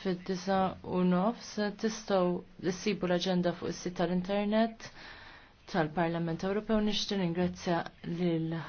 fid-disa u nofs tistgħu issibu l agenda fuq is-sit tal-Internet tal-Parlament Ewropew nixtieq ningrazzja lil